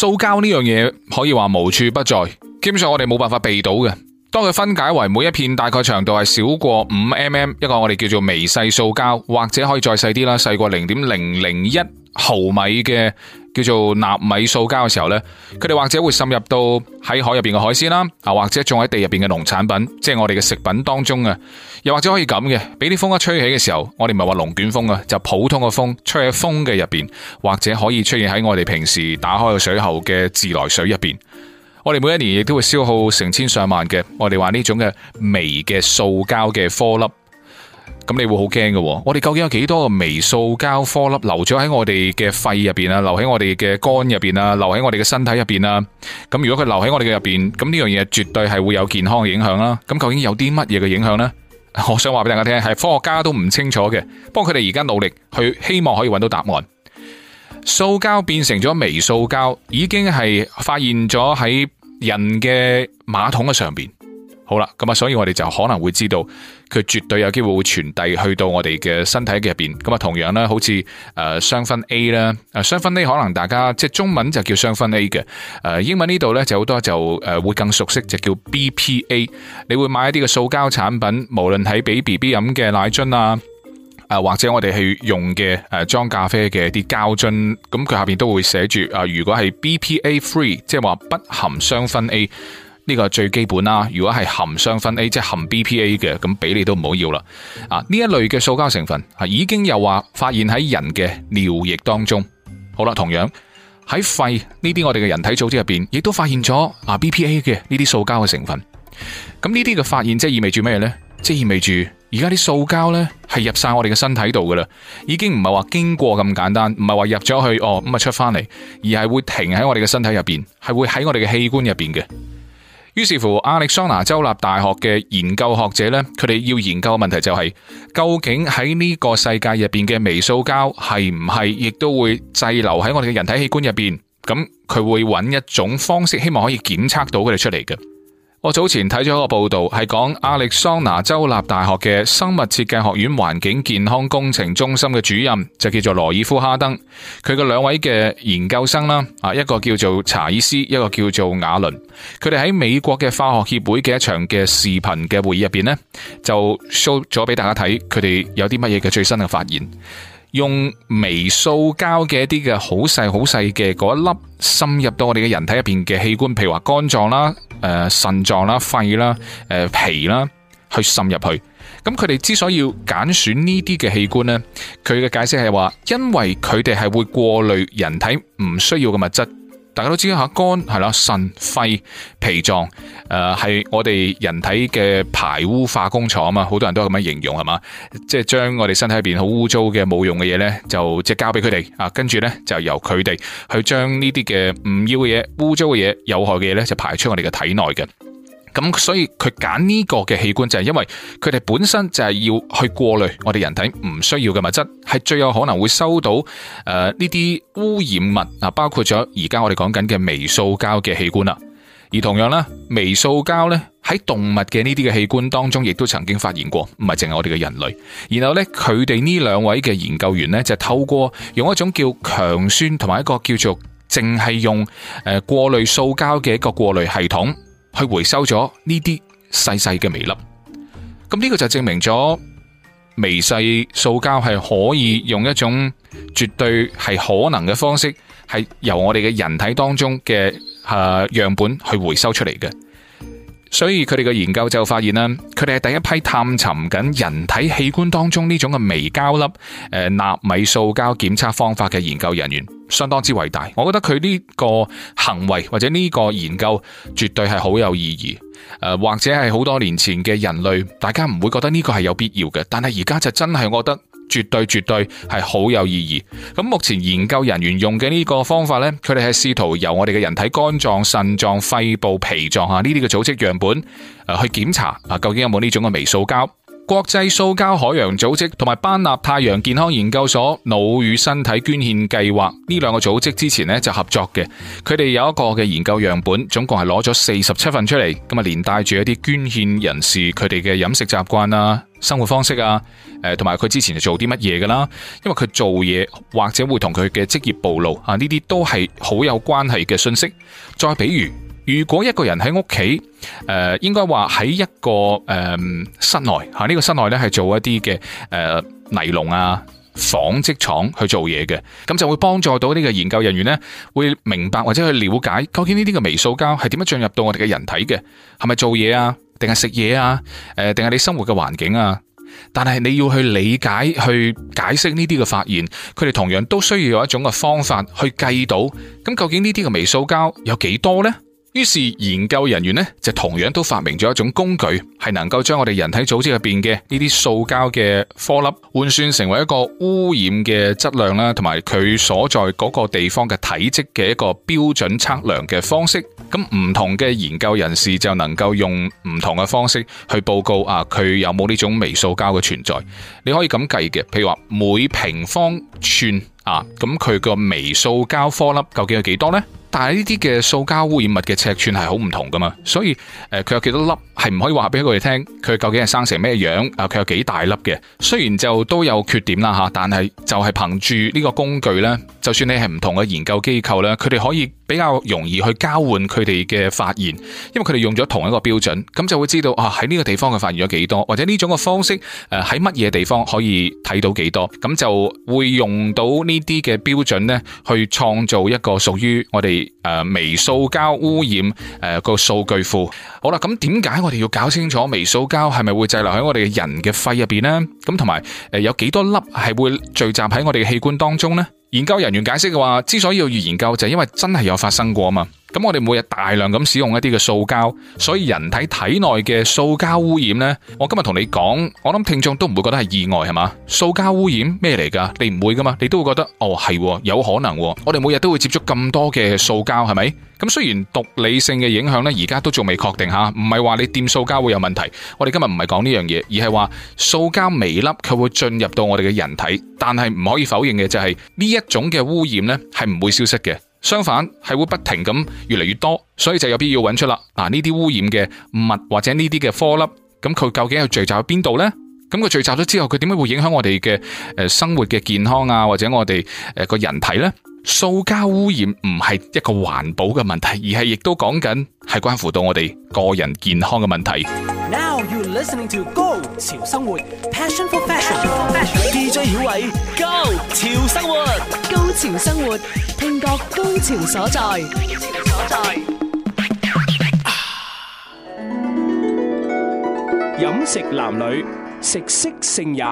塑膠呢樣嘢可以話無處不在，基本上我哋冇辦法避到嘅。當佢分解為每一片大概長度係少過五 mm，一個我哋叫做微細塑膠，或者可以再細啲啦，細過零點零零一，毫米嘅叫做納米塑膠嘅時候呢，佢哋或者會滲入到喺海入邊嘅海鮮啦，啊或者種喺地入邊嘅農產品，即係我哋嘅食品當中啊，又或者可以咁嘅，俾啲風一吹起嘅時候，我哋唔係話龍捲風啊，就是、普通嘅風吹喺風嘅入邊，或者可以出現喺我哋平時打開個水喉嘅自來水入邊，我哋每一年亦都會消耗成千上萬嘅，我哋話呢種嘅微嘅塑膠嘅顆粒。咁你會好驚嘅，我哋究竟有幾多個微塑膠顆粒留咗喺我哋嘅肺入邊啊，留喺我哋嘅肝入邊啊，留喺我哋嘅身體入邊啊？咁如果佢留喺我哋嘅入邊，咁呢樣嘢絕對係會有健康嘅影響啦。咁究竟有啲乜嘢嘅影響呢？我想話俾大家聽，係科學家都唔清楚嘅，不過佢哋而家努力去，希望可以揾到答案。塑膠變成咗微塑膠，已經係發現咗喺人嘅馬桶嘅上邊。好啦，咁啊，所以我哋就可能會知道佢絕對有機會會傳遞去到我哋嘅身體嘅入邊。咁啊，同樣咧，好似誒、呃、雙酚 A 啦。誒雙酚 A 可能大家即係中文就叫雙酚 A 嘅，誒、呃、英文呢度咧就好多就誒會、呃、更熟悉就叫 BPA。你會買一啲嘅塑膠產品，無論係俾 BB 飲嘅奶樽啊，誒、呃、或者我哋去用嘅誒裝咖啡嘅啲膠樽，咁佢下邊都會寫住啊、呃，如果係 BPA free，即係話不含雙酚 A。呢個最基本啦、啊，如果係含雙酚 A 即係含 BPA 嘅，咁俾你都唔好要啦。啊，呢一類嘅塑膠成分係已經又話發現喺人嘅尿液當中。好啦，同樣喺肺呢啲我哋嘅人體組織入邊，亦都發現咗啊 BPA 嘅呢啲塑膠嘅成分。咁呢啲嘅發現即係意味住咩呢？即係意味住而家啲塑膠呢係入晒我哋嘅身體度噶啦，已經唔係話經過咁簡單，唔係話入咗去哦咁啊出翻嚟，而係會停喺我哋嘅身體入邊，係會喺我哋嘅器官入邊嘅。於是乎，亞利桑那州立大學嘅研究學者咧，佢哋要研究嘅問題就係究竟喺呢個世界入邊嘅微塑膠係唔係，亦都會滯留喺我哋嘅人體器官入邊。咁佢會揾一種方式，希望可以檢測到佢哋出嚟嘅。我早前睇咗一個報道，係講亞利桑拿州立大學嘅生物設計學院環境健康工程中心嘅主任，就叫做羅爾夫哈登。佢嘅兩位嘅研究生啦，啊一個叫做查爾斯，一個叫做亞倫。佢哋喺美國嘅化學協會嘅一場嘅視頻嘅會議入邊呢，就 show 咗俾大家睇，佢哋有啲乜嘢嘅最新嘅發現。用微塑膠嘅一啲嘅好細好細嘅嗰一粒，滲入到我哋嘅人體入邊嘅器官，譬如話肝臟啦、誒腎臟啦、肺啦、誒、呃、脾啦，去滲入去。咁佢哋之所以揀選呢啲嘅器官呢，佢嘅解釋係話，因為佢哋係會過濾人體唔需要嘅物質。大家都知下肝係啦，腎、肺、脾臟，誒，係、呃、我哋人體嘅排污化工廠啊嘛，好多人都係咁樣形容係嘛，即係將我哋身體入邊好污糟嘅冇用嘅嘢咧，就即係交俾佢哋啊，跟住咧就由佢哋去將呢啲嘅唔要嘅嘢、污糟嘅嘢、有害嘅嘢咧，就排出我哋嘅體內嘅。咁所以佢揀呢個嘅器官就係因為佢哋本身就係要去過濾我哋人體唔需要嘅物質，係最有可能會收到誒呢啲污染物啊，包括咗而家我哋講緊嘅微塑膠嘅器官啦。而同樣啦，微塑膠咧喺動物嘅呢啲嘅器官當中，亦都曾經發現過，唔係淨係我哋嘅人類。然後咧，佢哋呢兩位嘅研究員咧就係透過用一種叫強酸同埋一個叫做淨係用誒過濾塑膠嘅一個過濾系統。去回收咗呢啲細細嘅微粒，咁呢個就證明咗微細塑膠係可以用一種絕對係可能嘅方式，係由我哋嘅人體當中嘅吓樣本去回收出嚟嘅。所以佢哋嘅研究就發現啦，佢哋係第一批探尋緊人體器官當中呢種嘅微膠粒誒納米塑膠檢測方法嘅研究人員。相當之偉大，我覺得佢呢個行為或者呢個研究絕對係好有意義。誒、呃，或者係好多年前嘅人類，大家唔會覺得呢個係有必要嘅，但係而家就真係我覺得絕對絕對係好有意義。咁目前研究人員用嘅呢個方法呢，佢哋係試圖由我哋嘅人體肝臟、腎臟、肺部、脾臟啊，呢啲嘅組織樣本、呃、去檢查啊究竟有冇呢種嘅微塑膠。國際塑膠海洋組織同埋班納太陽健康研究所腦與身體捐獻計劃呢兩個組織之前呢就合作嘅，佢哋有一個嘅研究樣本，總共係攞咗四十七份出嚟。咁啊連帶住一啲捐獻人士佢哋嘅飲食習慣啦、生活方式啊，誒，同埋佢之前係做啲乜嘢噶啦，因為佢做嘢或者會同佢嘅職業暴露啊呢啲都係好有關係嘅信息。再比如。如果一個人喺屋企，誒、呃，應該話喺一個誒、呃、室內吓，呢、這個室內咧係做一啲嘅誒尼龍啊，紡織廠去做嘢嘅，咁就會幫助到呢個研究人員咧，會明白或者去了解究竟呢啲嘅微塑膠係點樣進入到我哋嘅人體嘅，係咪做嘢啊，定係食嘢啊，誒、呃，定係你生活嘅環境啊？但係你要去理解去解釋呢啲嘅發現，佢哋同樣都需要有一種嘅方法去計到，咁究竟呢啲嘅微塑膠有幾多呢？於是研究人員呢，就同樣都發明咗一種工具，係能夠將我哋人體組織入邊嘅呢啲塑膠嘅顆粒換算成為一個污染嘅質量啦，同埋佢所在嗰個地方嘅體積嘅一個標準測量嘅方式。咁唔同嘅研究人士就能夠用唔同嘅方式去報告啊，佢有冇呢種微塑膠嘅存在？你可以咁計嘅，譬如話每平方寸啊，咁佢個微塑膠顆粒究竟有幾多呢？但係呢啲嘅塑膠污染物嘅尺寸係好唔同㗎嘛，所以誒佢、呃、有幾多粒係唔可以話俾佢哋聽佢究竟係生成咩樣啊？佢有幾大粒嘅，雖然就都有缺點啦吓，但係就係憑住呢個工具咧，就算你係唔同嘅研究機構咧，佢哋可以。比較容易去交換佢哋嘅發言，因為佢哋用咗同一個標準，咁就會知道啊喺呢個地方佢發現咗幾多，或者呢種嘅方式誒喺乜嘢地方可以睇到幾多，咁就會用到呢啲嘅標準呢去創造一個屬於我哋誒、呃、微塑膠污染誒個數據庫。好啦，咁點解我哋要搞清楚微塑膠係咪會滯留喺我哋嘅人嘅肺入邊呢？咁同埋誒有幾、呃、多粒係會聚集喺我哋嘅器官當中呢？研究人員解釋嘅話，之所以要研究，就係因為真係有發生過嘛。咁我哋每日大量咁使用一啲嘅塑膠，所以人體體內嘅塑膠污染呢？我今日同你講，我諗聽眾都唔會覺得係意外，係嘛？塑膠污染咩嚟噶？你唔會噶嘛？你都會覺得哦係，有可能。我哋每日都會接觸咁多嘅塑膠，係咪？咁雖然毒理性嘅影響呢，而家都仲未確定吓，唔係話你掂塑膠會有問題。我哋今日唔係講呢樣嘢，而係話塑膠微粒佢會進入到我哋嘅人體，但係唔可以否認嘅就係，呢一種嘅污染呢，係唔會消失嘅。相反係會不停咁越嚟越多，所以就有必要搵出啦。嗱、啊，呢啲污染嘅物或者呢啲嘅顆粒，咁、嗯、佢究竟係聚集喺邊度呢？咁、嗯、佢聚集咗之後，佢點解會影響我哋嘅誒生活嘅健康啊？或者我哋誒個人體呢？塑膠污染唔係一個環保嘅問題，而係亦都講緊係關乎到我哋個人健康嘅問題。Now you listening to go 潮生活，passion for fashion，DJ 曉偉。DJ, 潮生活，高潮生活，聽覺高潮所在。飲食男女，食色性也。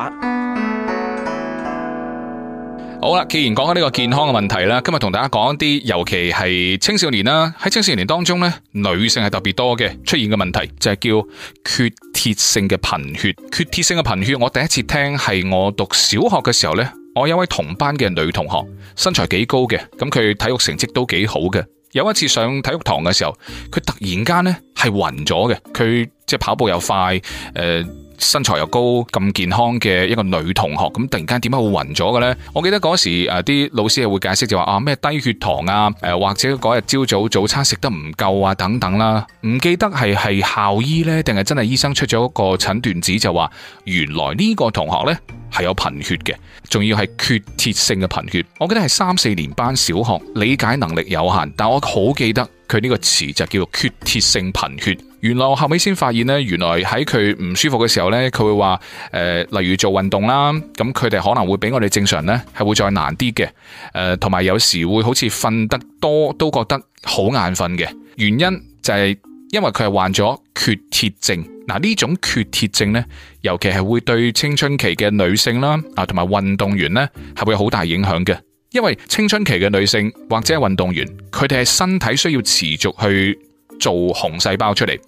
好啦，既然講起呢個健康嘅問題啦，今日同大家講啲，尤其係青少年啦。喺青少年當中呢，女性係特別多嘅出現嘅問題，就係叫缺鐵性嘅貧血。缺鐵性嘅貧血，我第一次聽係我讀小學嘅時候呢。我有位同班嘅女同學，身材幾高嘅，咁佢體育成績都幾好嘅。有一次上體育堂嘅時候，佢突然間咧係暈咗嘅，佢即係跑步又快，誒、呃。身材又高咁健康嘅一個女同學，咁突然間點解會暈咗嘅呢？我記得嗰時誒、啲、呃、老師係會解釋就話啊，咩低血糖啊，誒、呃、或者嗰日朝早早餐食得唔夠啊，等等啦，唔記得係係校醫呢定係真係醫生出咗一個診斷紙就話，原來呢個同學呢係有貧血嘅，仲要係缺鐵性嘅貧血。我記得係三四年班小學，理解能力有限，但我好記得。佢呢個詞就叫做缺鐵性貧血。原來我後尾先發現呢，原來喺佢唔舒服嘅時候呢，佢會話誒、呃，例如做運動啦，咁佢哋可能會比我哋正常呢係會再難啲嘅。誒、呃，同埋有時會好似瞓得多都覺得好眼瞓嘅原因就係因為佢係患咗缺鐵症。嗱、呃、呢種缺鐵症呢，尤其係會對青春期嘅女性啦，啊、呃，同埋運動員呢，係會有好大影響嘅。因為青春期嘅女性或者係運動員，佢哋係身體需要持續去做紅細胞出嚟，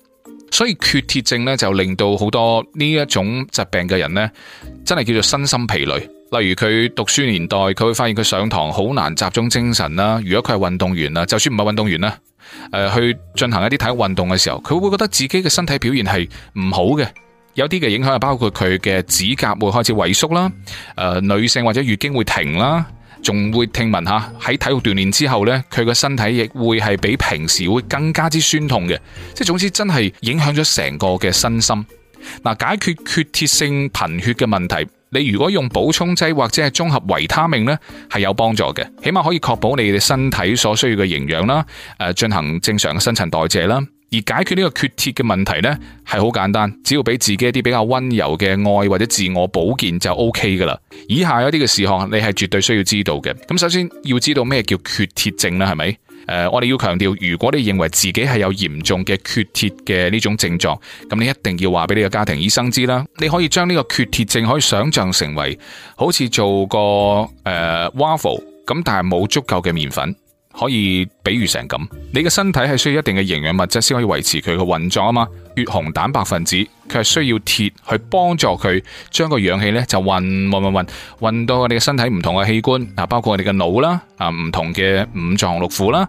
所以缺鐵症咧就令到好多呢一種疾病嘅人咧，真係叫做身心疲累。例如佢讀書年代，佢會發現佢上堂好難集中精神啦；如果佢係運動員呀，就算唔係運動員啦，誒、呃、去進行一啲體育運動嘅時候，佢會覺得自己嘅身體表現係唔好嘅。有啲嘅影響係包括佢嘅指甲會開始萎縮啦，誒、呃、女性或者月經會停啦。仲會聽聞吓喺體育鍛煉之後呢，佢個身體亦會係比平時會更加之酸痛嘅，即係總之真係影響咗成個嘅身心。嗱，解決缺鐵性貧血嘅問題，你如果用補充劑或者係綜合維他命呢，係有幫助嘅，起碼可以確保你哋身體所需要嘅營養啦，誒，進行正常嘅新陳代謝啦。而解決呢個缺鐵嘅問題呢，係好簡單，只要俾自己一啲比較溫柔嘅愛或者自我保健就 O K 噶啦。以下有啲嘅事項，你係絕對需要知道嘅。咁首先要知道咩叫缺鐵症啦，係咪、呃？我哋要強調，如果你認為自己係有嚴重嘅缺鐵嘅呢種症狀，咁你一定要話俾你個家庭醫生知啦。你可以將呢個缺鐵症可以想像成為好似做個誒 waffle 咁，呃、affle，但係冇足夠嘅麵粉。可以比喻成咁，你嘅身體係需要一定嘅營養物質先可以維持佢嘅運作啊嘛。血紅蛋白分子佢係需要鐵去幫助佢將個氧氣呢就運運運運到我哋嘅身體唔同嘅器官，啊包括我哋嘅腦啦，啊唔、啊、同嘅五臟六腑啦、啊。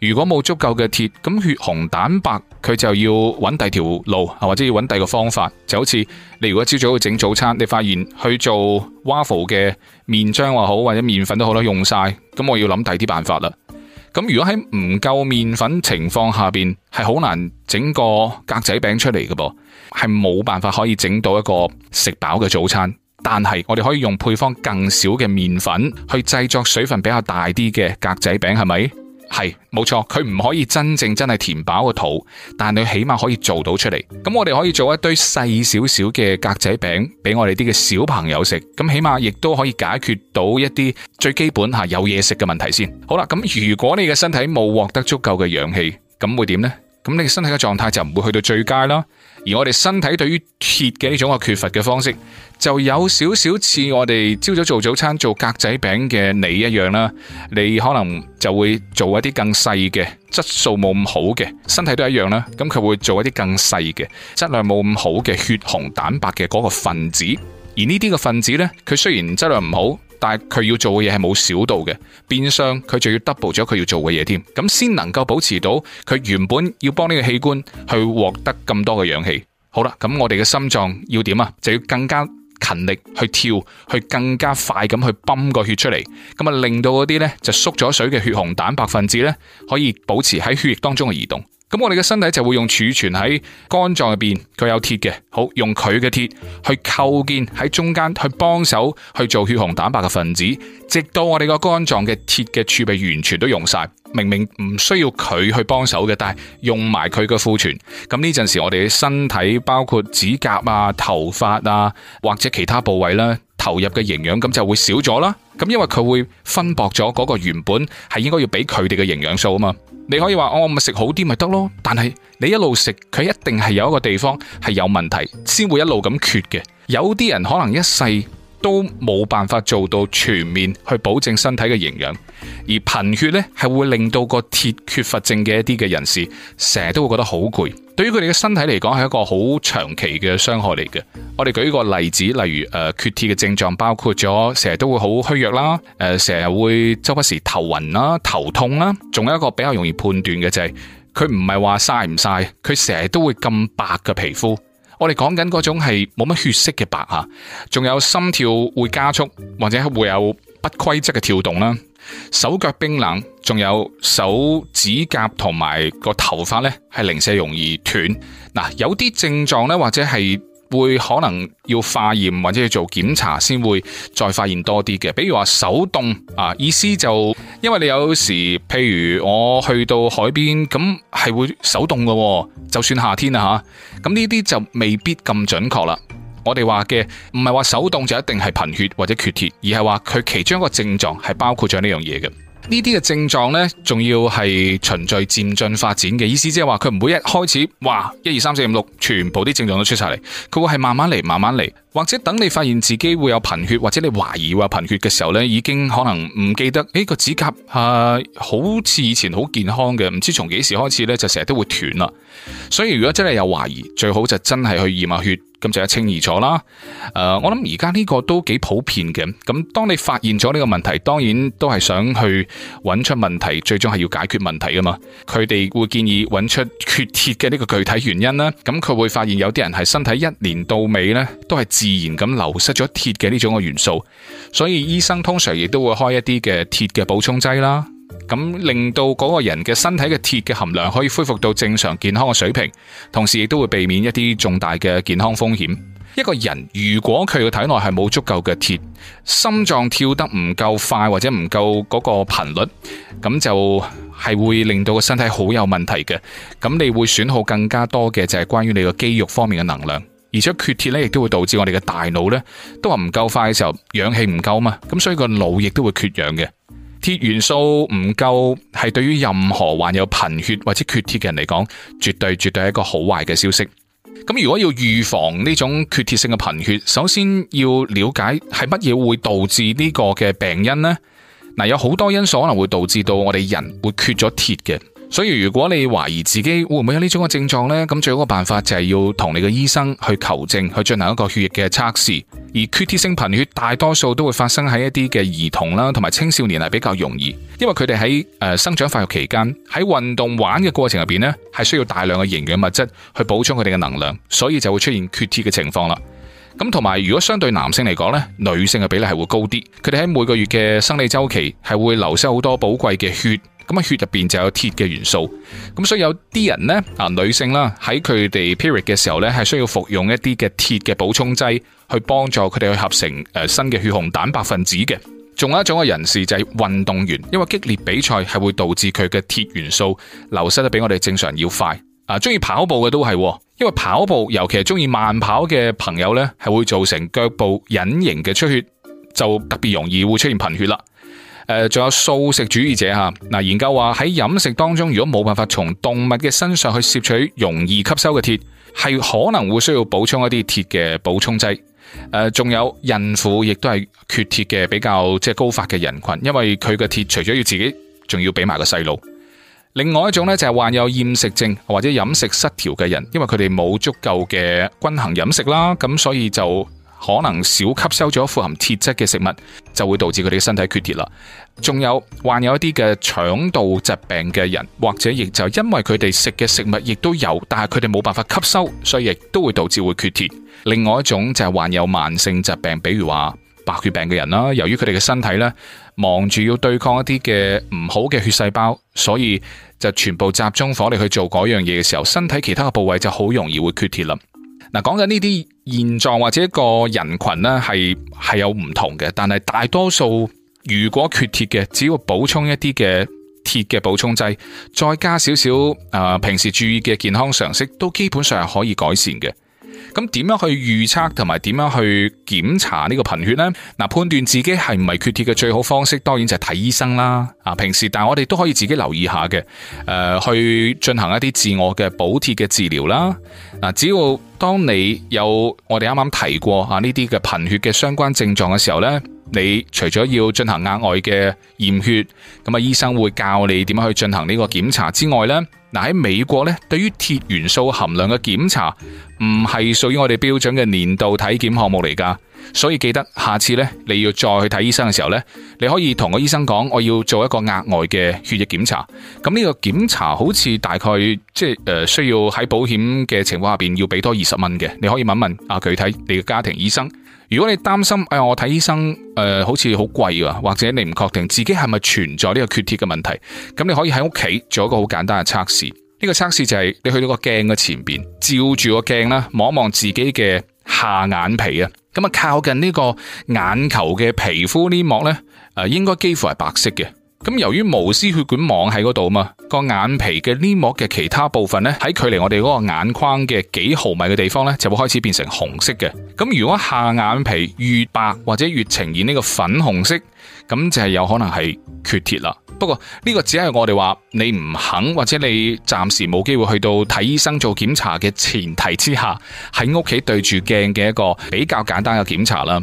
如果冇足夠嘅鐵，咁血紅蛋白佢就要揾第二條路、啊，或者要揾第二個方法，就好似你如果朝早去整早餐，你發現去做 waffle 嘅麵漿話好，或者麵粉好都好啦，都用晒，咁我要諗第二啲辦法啦。咁如果喺唔夠麵粉情況下邊，係好難整個格仔餅出嚟㗎噃，係冇辦法可以整到一個食飽嘅早餐。但係我哋可以用配方更少嘅麵粉去製作水分比較大啲嘅格仔餅，係咪？係，冇錯，佢唔可以真正真係填飽個肚，但係佢起碼可以做到出嚟。咁我哋可以做一堆細少少嘅格仔餅俾我哋啲嘅小朋友食，咁起碼亦都可以解決到一啲最基本吓有嘢食嘅問題先。好啦，咁如果你嘅身體冇獲得足夠嘅氧氣，咁會點呢？咁你嘅身體嘅狀態就唔會去到最佳啦。而我哋身體對於鐵嘅呢種嘅缺乏嘅方式，就有少少似我哋朝早做早餐做格仔餅嘅你一樣啦。你可能就會做一啲更細嘅，質素冇咁好嘅。身體都一樣啦，咁佢會做一啲更細嘅，質量冇咁好嘅血紅蛋白嘅嗰個分子。而呢啲嘅分子呢，佢雖然質量唔好。但係佢要做嘅嘢係冇少到嘅，變相佢就要 double 咗佢要做嘅嘢添，咁先能夠保持到佢原本要幫呢個器官去獲得咁多嘅氧氣。好啦，咁我哋嘅心臟要點啊？就要更加勤力去跳，去更加快咁去泵個血出嚟，咁啊，令到嗰啲呢就縮咗水嘅血紅蛋白分子呢，可以保持喺血液當中嘅移動。咁我哋嘅身體就會用儲存喺肝臟入邊，佢有鐵嘅，好，用佢嘅鐵去構建喺中間，去幫手去做血紅蛋白嘅分子，直到我哋個肝臟嘅鐵嘅儲備完全都用晒，明明唔需要佢去幫手嘅，但係用埋佢嘅庫存。咁呢陣時我哋嘅身體包括指甲啊、頭髮啊或者其他部位咧。投入嘅營養咁就會少咗啦，咁因為佢會分薄咗嗰個原本係應該要俾佢哋嘅營養素啊嘛。你可以話我咪食好啲咪得咯，但係你一路食，佢一定係有一個地方係有問題，先會一路咁缺嘅。有啲人可能一世。都冇辦法做到全面去保證身體嘅營養，而貧血呢係會令到個鐵缺乏症嘅一啲嘅人士，成日都會覺得好攰。對於佢哋嘅身體嚟講，係一個好長期嘅傷害嚟嘅。我哋舉一個例子，例如誒，缺鐵嘅症狀包括咗成日都會好虛弱啦，誒，成日會周不時頭暈啦、頭痛啦，仲有一個比較容易判斷嘅就係佢唔係話晒唔晒，佢成日都會咁白嘅皮膚。我哋講緊嗰種係冇乜血色嘅白吓，仲有心跳會加速，或者會有不規則嘅跳動啦，手腳冰冷，仲有手指甲同埋個頭髮咧係零舍容易斷。嗱，有啲症狀咧，或者係。會可能要化驗或者要做檢查先會再發現多啲嘅，比如話手凍啊，意思就，因為你有時譬如我去到海邊咁係會手凍噶，就算夏天啦吓，咁呢啲就未必咁準確啦。我哋話嘅唔係話手凍就一定係貧血或者缺鐵，而係話佢其中一個症狀係包括咗呢樣嘢嘅。呢啲嘅症狀呢，仲要係循序漸進發展嘅，意思即係話佢唔會一開始，哇，一二三四五六，全部啲症狀都出晒嚟。佢會係慢慢嚟，慢慢嚟，或者等你發現自己會有貧血，或者你懷疑會有貧血嘅時候呢，已經可能唔記得，誒、哎、個指甲係、啊、好似以前好健康嘅，唔知從幾時開始呢，就成日都會斷啦，所以如果真係有懷疑，最好就真係去驗下血。咁就一清二楚啦。誒、呃，我諗而家呢個都幾普遍嘅。咁當你發現咗呢個問題，當然都係想去揾出問題，最終係要解決問題噶嘛。佢哋會建議揾出缺鐵嘅呢個具體原因啦。咁佢會發現有啲人係身體一年到尾呢都係自然咁流失咗鐵嘅呢種嘅元素。所以醫生通常亦都會開一啲嘅鐵嘅補充劑啦。咁令到嗰個人嘅身體嘅鐵嘅含量可以恢復到正常健康嘅水平，同時亦都會避免一啲重大嘅健康風險。一個人如果佢嘅體內係冇足夠嘅鐵，心臟跳得唔夠快或者唔夠嗰個頻率，咁就係會令到個身體好有問題嘅。咁你會損耗更加多嘅就係關於你個肌肉方面嘅能量，而且缺鐵呢亦都會導致我哋嘅大腦呢都話唔夠快嘅時候氧氣唔夠嘛，咁所以個腦亦都會缺氧嘅。鐵元素唔夠，係對於任何患有貧血或者缺鐵嘅人嚟講，絕對絕對係一個好壞嘅消息。咁如果要預防呢種缺鐵性嘅貧血，首先要了解係乜嘢會導致呢個嘅病因呢。嗱，有好多因素可能會導致到我哋人會缺咗鐵嘅。所以如果你懷疑自己會唔會有呢種嘅症狀呢，咁最好嘅辦法就係要同你嘅醫生去求證，去進行一個血液嘅測試。而缺鐵性貧血大多數都會發生喺一啲嘅兒童啦，同埋青少年係比較容易，因為佢哋喺誒生長發育期間喺運動玩嘅過程入邊呢，係需要大量嘅營養物質去補充佢哋嘅能量，所以就會出現缺鐵嘅情況啦。咁同埋如果相對男性嚟講呢，女性嘅比例係會高啲，佢哋喺每個月嘅生理周期係會流失好多寶貴嘅血。咁啊，血入邊就有鐵嘅元素，咁所以有啲人呢，啊、呃，女性啦，喺佢哋 period 嘅時候呢，係需要服用一啲嘅鐵嘅補充劑，去幫助佢哋去合成誒、呃、新嘅血紅蛋白分子嘅。仲有一種嘅人士就係運動員，因為激烈比賽係會導致佢嘅鐵元素流失得比我哋正常要快。啊，中意跑步嘅都係、哦，因為跑步尤其係中意慢跑嘅朋友呢，係會造成腳部隱形嘅出血，就特別容易會出現貧血啦。誒，仲有素食主義者吓，嗱，研究話喺飲食當中，如果冇辦法從動物嘅身上去攝取容易吸收嘅鐵，係可能會需要補充一啲鐵嘅補充劑。誒、呃，仲有孕婦亦都係缺鐵嘅比較即係高發嘅人群，因為佢嘅鐵除咗要自己，仲要俾埋個細路。另外一種咧，就係患有厭食症或者飲食失調嘅人，因為佢哋冇足夠嘅均衡飲食啦，咁所以就可能少吸收咗富含鐵質嘅食物。就會導致佢哋嘅身體缺鐵啦。仲有患有一啲嘅腸道疾病嘅人，或者亦就因為佢哋食嘅食物亦都有，但係佢哋冇辦法吸收，所以亦都會導致會缺鐵。另外一種就係患有慢性疾病，比如話白血病嘅人啦，由於佢哋嘅身體呢，忙住要對抗一啲嘅唔好嘅血細胞，所以就全部集中火力去做嗰樣嘢嘅時候，身體其他嘅部位就好容易會缺鐵啦。嗱，講緊呢啲現狀或者一個人群咧，係係有唔同嘅，但係大多數如果缺鐵嘅，只要補充一啲嘅鐵嘅補充劑，再加少少誒平時注意嘅健康常識，都基本上係可以改善嘅。咁點樣去預測同埋點樣去檢查呢個貧血呢？嗱、呃，判斷自己係唔係缺鐵嘅最好方式，當然就係睇醫生啦。啊，平時但係我哋都可以自己留意下嘅，誒、呃、去進行一啲自我嘅補鐵嘅治療啦。嗱，只要當你有我哋啱啱提過啊呢啲嘅貧血嘅相關症狀嘅時候呢。你除咗要進行額外嘅驗血，咁啊醫生會教你點樣去進行呢個檢查之外呢，嗱喺美國咧，對於鐵元素含量嘅檢查唔係屬於我哋標準嘅年度體檢項目嚟噶，所以記得下次咧你要再去睇醫生嘅時候咧，你可以同個醫生講，我要做一個額外嘅血液檢查，咁呢個檢查好似大概即係、就是呃、需要喺保險嘅情況下邊要俾多二十蚊嘅，你可以問一問啊具體你嘅家庭醫生。如果你擔心，哎我睇醫生，誒、呃，好似好貴㗎，或者你唔確定自己係咪存在呢個缺鐵嘅問題，咁你可以喺屋企做一個好簡單嘅測試。呢、這個測試就係你去到個鏡嘅前邊，照住個鏡啦，望望自己嘅下眼皮啊，咁啊靠近呢個眼球嘅皮膚黏膜咧，誒，應該幾乎係白色嘅。咁由於毛細血管網喺嗰度嘛，個眼皮嘅黏膜嘅其他部分呢，喺距離我哋嗰個眼眶嘅幾毫米嘅地方呢，就會開始變成紅色嘅。咁如果下眼皮越白或者越呈現呢個粉紅色，咁就係有可能係缺鐵啦。不過呢個只係我哋話你唔肯或者你暫時冇機會去到睇醫生做檢查嘅前提之下，喺屋企對住鏡嘅一個比較簡單嘅檢查啦。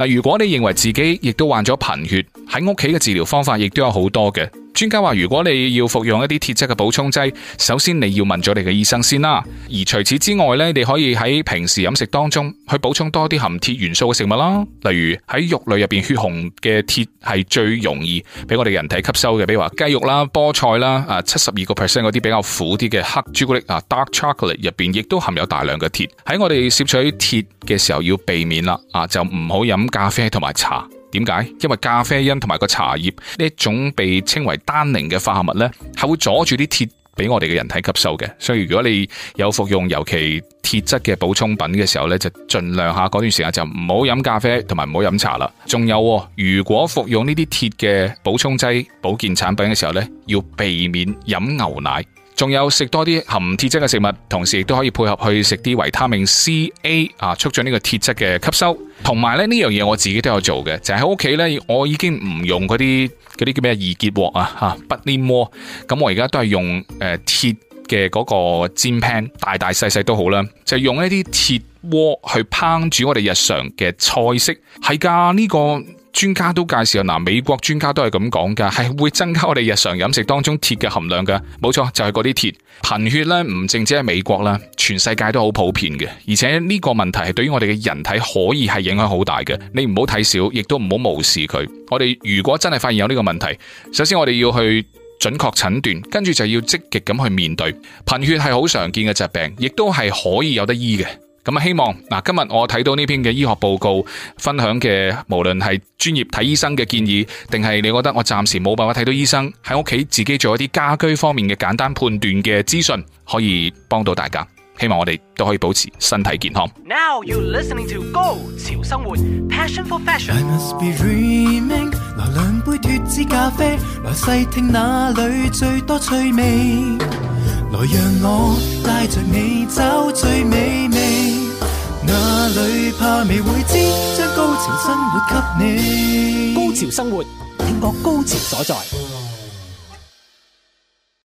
嗱，如果你認為自己亦都患咗貧血，喺屋企嘅治療方法亦都有好多嘅。專家話：如果你要服用一啲鐵質嘅補充劑，首先你要問咗你嘅醫生先啦。而除此之外咧，你可以喺平時飲食當中去補充多啲含鐵元素嘅食物啦。例如喺肉類入邊，血紅嘅鐵係最容易俾我哋人體吸收嘅。比如話雞肉啦、菠菜啦、啊七十二個 percent 嗰啲比較苦啲嘅黑朱古力啊 （dark chocolate） 入邊亦都含有大量嘅鐵。喺我哋攝取鐵嘅時候要避免啦，啊就唔好飲咖啡同埋茶。點解？因為咖啡因同埋個茶葉呢一種被稱為單寧嘅化合物呢，係會阻住啲鐵俾我哋嘅人體吸收嘅。所以如果你有服用尤其鐵質嘅補充品嘅時候呢，就盡量下嗰段時間就唔好飲咖啡同埋唔好飲茶啦。仲有，如果服用呢啲鐵嘅補充劑、保健產品嘅時候呢，要避免飲牛奶。仲有食多啲含鐵質嘅食物，同時亦都可以配合去食啲維他命 C、A 啊，促進呢個鐵質嘅吸收。同埋咧呢樣嘢，這個，我自己都有做嘅，就喺屋企呢，我已經唔用嗰啲啲叫咩易潔鑊啊吓，啊，不粘鍋，咁我而家都係用誒鐵嘅嗰個煎 pan，大大細細都好啦，就是，用一啲鐵鍋去烹煮我哋日常嘅菜式係噶呢個。專家都介紹嗱、啊，美國專家都係咁講噶，係會增加我哋日常飲食當中鐵嘅含量噶，冇錯就係嗰啲鐵。貧血咧唔淨止係美國啦，全世界都好普遍嘅，而且呢個問題係對於我哋嘅人體可以係影響好大嘅，你唔好睇少，亦都唔好無視佢。我哋如果真係發現有呢個問題，首先我哋要去準確診斷，跟住就要積極咁去面對。貧血係好常見嘅疾病，亦都係可以有得醫嘅。咁希望嗱，今日我睇到呢篇嘅醫學報告分享嘅，無論係專業睇醫生嘅建議，定係你覺得我暫時冇辦法睇到醫生，喺屋企自己做一啲家居方面嘅簡單判斷嘅資訊，可以幫到大家。希望我哋都可以保持身體健康。Now you're listening to 高潮生活，Passion for Fashion。I must be dreaming。拿兩杯脫脂咖啡，來細聽哪裏最多趣味，來讓我帶着你找最美味，哪裏怕未會知，將高潮生活給你。高潮生活，聽我高潮所在。